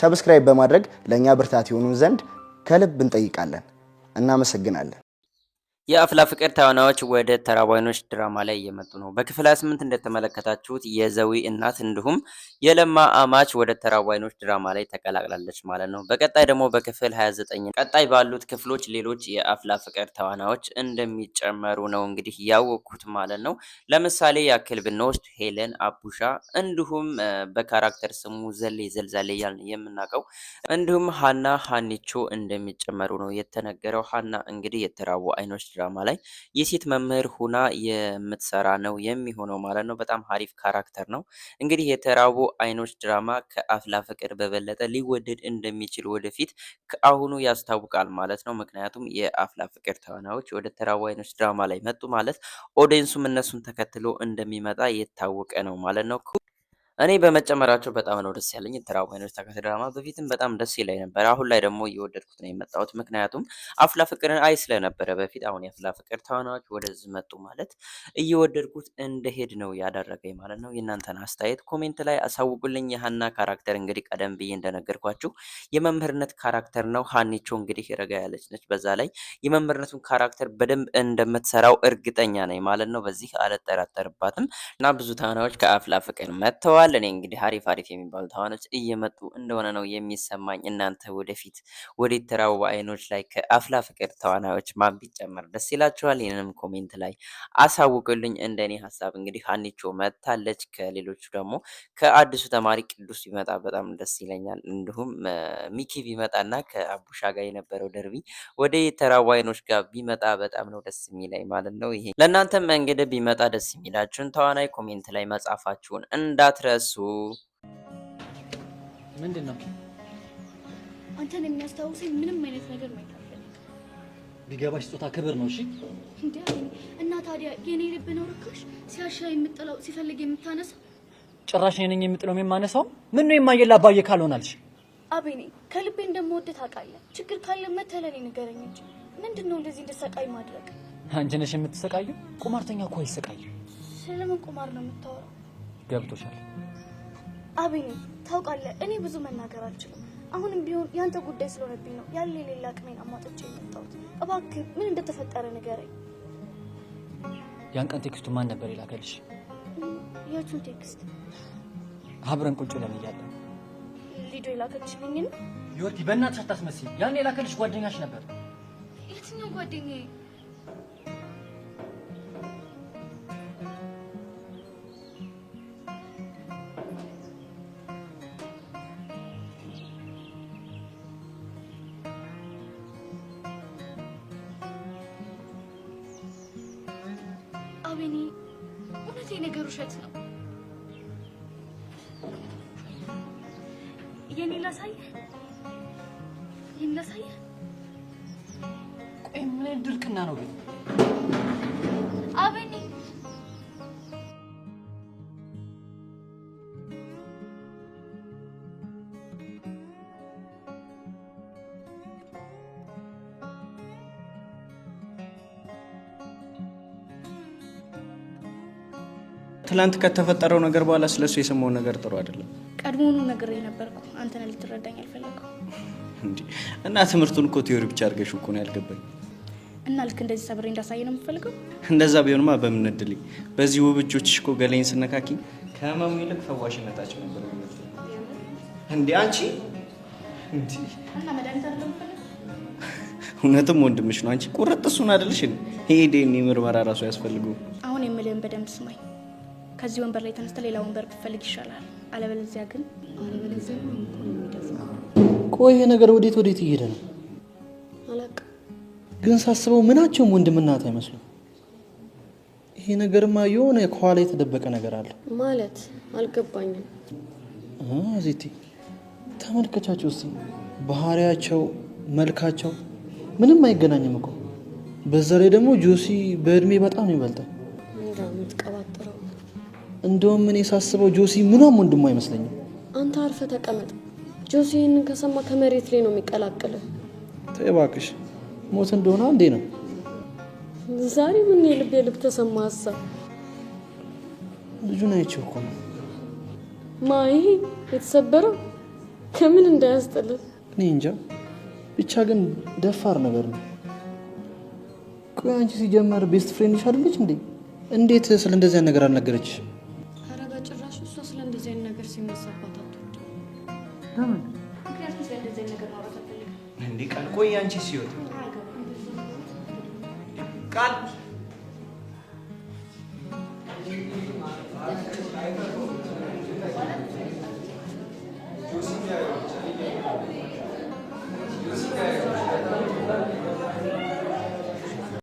ሰብስክራይብ በማድረግ ለእኛ ብርታት የሆኑን ዘንድ ከልብ እንጠይቃለን። እናመሰግናለን። የአፍላ ፍቅር ተዋናዮች ወደ ተራባይኖች ድራማ ላይ እየመጡ ነው። በክፍል 28 እንደተመለከታችሁት የዘዊ እናት እንዲሁም የለማ አማች ወደ ተራባይኖች ድራማ ላይ ተቀላቅላለች ማለት ነው። በቀጣይ ደግሞ በክፍል 29 ቀጣይ ባሉት ክፍሎች ሌሎች የአፍላ ፍቅር ተዋናዮች እንደሚጨመሩ ነው እንግዲህ ያወቅኩት ማለት ነው። ለምሳሌ ያክል ብንወስድ ሄለን አቡሻ፣ እንዲሁም በካራክተር ስሙ ዘሌ ዘልዛሌ እያልን የምናውቀው እንዲሁም ሀና ሀኒቾ እንደሚጨመሩ ነው የተነገረው። ሀና እንግዲህ የተራቡ አይኖች ድራማ ላይ የሴት መምህር ሁና የምትሰራ ነው የሚሆነው ማለት ነው። በጣም ሀሪፍ ካራክተር ነው። እንግዲህ የተራቡ አይኖች ድራማ ከአፍላ ፍቅር በበለጠ ሊወደድ እንደሚችል ወደፊት ከአሁኑ ያስታውቃል ማለት ነው። ምክንያቱም የአፍላ ፍቅር ተዋናዮች ወደ ተራቡ አይኖች ድራማ ላይ መጡ ማለት ኦዲየንሱም እነሱን ተከትሎ እንደሚመጣ የታወቀ ነው ማለት ነው። እኔ በመጨመራቸው በጣም ነው ደስ ያለኝ። ድራማዎች ተከታታይ ድራማ በፊትም በጣም ደስ ይለኝ ነበር። አሁን ላይ ደግሞ እየወደድኩት ነው የመጣሁት። ምክንያቱም አፍላ ፍቅርን አይ ስለነበረ በፊት አሁን የአፍላ ፍቅር ተዋናዮች ወደዚህ መጡ ማለት እየወደድኩት እንደሄድ ነው ያደረገኝ ማለት ነው። የእናንተን አስተያየት ኮሜንት ላይ አሳውቁልኝ። የሀና ካራክተር እንግዲህ ቀደም ብዬ እንደነገርኳችሁ የመምህርነት ካራክተር ነው። ሀኒቾ እንግዲህ ረጋ ያለች ነች። በዛ ላይ የመምህርነቱን ካራክተር በደንብ እንደምትሰራው እርግጠኛ ነኝ ማለት ነው። በዚህ አልጠራጠርባትም እና ብዙ ተዋናዮች ከአፍላ ፍቅር መጥተዋል። ተዋል እኔ እንግዲህ አሪፍ አሪፍ የሚባሉ ተዋኖች እየመጡ እንደሆነ ነው የሚሰማኝ። እናንተ ወደፊት ወደ ተራቡ አይኖች ላይ ከአፍላ ፍቅር ተዋናዮች ማን ቢጨመር ደስ ይላችኋል? ይህንንም ኮሜንት ላይ አሳውቅልኝ። እንደኔ ሀሳብ እንግዲህ ሀኒቾ መታለች። ከሌሎቹ ደግሞ ከአዲሱ ተማሪ ቅዱስ ቢመጣ በጣም ደስ ይለኛል። እንዲሁም ሚኪ ቢመጣና ከአቡሻ ጋር የነበረው ደርቢ ወደ የተራቡ አይኖች ጋር ቢመጣ በጣም ነው ደስ የሚለኝ ማለት ነው። ይሄ ለእናንተም እንግዲህ ቢመጣ ደስ የሚላችሁን ተዋናይ ኮሜንት ላይ መጻፋችሁን እንዳትረ ተመለሱ። ምንድን ነው አንተን የሚያስታውሰኝ? ምንም አይነት ነገር ማይታፈል ቢገባሽ ስጦታ ክብር ነው። እሺ እና ታዲያ የኔ ልብ ነው ርካሽ፣ ሲያሻ የምጥለው ሲፈልግ የምታነሳ ጭራሽ ነኝ የምጥለው የማነሳው። ምን ነው የማየላ አባዬ ካልሆናልሽ አቤኔ ከልቤ እንደምወደት አቃለ ችግር ካለ መተለኔ ንገረኝ እንጂ ምንድን ነው እንደዚህ እንደሰቃይ ማድረግ? አንቺ ነሽ የምትሰቃዩ። ቁማርተኛ እኮ አይሰቃይም። ስለምን ቁማር ነው የምታወራው? ገብቶሻል። አብኝ ታውቃለህ፣ እኔ ብዙ መናገር አልችልም። አሁንም ቢሆን ያንተ ጉዳይ ስለሆነብኝ ነው ያለ የሌላ አቅሜን አሟጥቼ የመጣሁት። እባክህ ምን እንደተፈጠረ ንገረኝ። ያን ቀን ቴክስቱ ማን ነበር ይላከልሽ? የቱን ቴክስት? አብረን ቁጭ ብለን እያለ ሊዶ የላከልሽልኝን። ዮቲ፣ በእናትሽ አታስመስይ። ያን የላከልሽ ጓደኛሽ ነበር። የትኛው ጓደኛዬ? እውነት ነገር ውሸት ነው። የኔ ላሳየ ይህን ላሳየህ። ቆይ ምን ድርቅና ነው ግን አበኝ ትላንት ከተፈጠረው ነገር በኋላ ስለሱ የሰማው ነገር ጥሩ አይደለም። ቀድሞኑ ነገር የነበርኩ አንተን ልትረዳኝ አልፈለግኩም። እና ትምህርቱን እኮ ቴዎሪ ብቻ አድርገሽ እኮ ነው ያልገባኝ። እና ልክ እንደዚህ ሰብሬ እንዳሳየ ነው የምፈልገው። እንደዛ ቢሆንማ በምን እድልኝ። በዚህ ውብ እጆችሽ እኮ ገላይን ስነካኪ ከህመሙ ይልቅ ፈዋሽ ነበር። እንዲ አንቺ እውነትም ወንድምሽ ነው። አንቺ ቁርጥ እሱን አደልሽ። ይሄ ዴኒ ምርመራ ራሱ ያስፈልገው። አሁን የምልህን በደንብ ስማኝ። ከዚህ ወንበር ላይ ተነስተ ሌላ ወንበር ብትፈልግ ይሻላል። አለበለዚያ ግን አለበለዚያ ቆይ ይሄ ነገር ወዴት ወዴት እየሄደ ነው? አላውቅም። ግን ሳስበው ምናቸውም ወንድምና እህት አይመስሉም። ይሄ ነገርማ የሆነ ከኋላ የተደበቀ ነገር አለ ማለት አልገባኝም። ዚቲ ተመልከቻቸው እስኪ፣ ባህሪያቸው፣ መልካቸው ምንም አይገናኝም እኮ። በዛ ላይ ደግሞ ጆሲ በእድሜ በጣም ይበልጣል። እንደውም እኔ ሳስበው ጆሲ ምኗም ወንድሟ አይመስለኝም። አንተ አርፈ ተቀመጥ። ጆሲ ይህንን ከሰማ ከመሬት ላይ ነው የሚቀላቅልህ። ተይ እባክሽ፣ ሞት እንደሆነ አንዴ ነው። ዛሬ ምን የልብ የልብ ተሰማ ሀሳብ ልጁን አይቼው እኮ ነው ማ ይሄ የተሰበረው ከምን እንዳያስጥልህ እኔ እንጃ። ብቻ ግን ደፋር ነገር ነው። ቆይ አንቺ ሲጀመር ቤስት ፍሬንድሽ አይደለች እንዴ? እንዴት ስለ እንደዚያ ነገር አልነገረችሽ? ለምን? እንዴ ቃል፣ ቆይ አንቺ ሲወት ቃል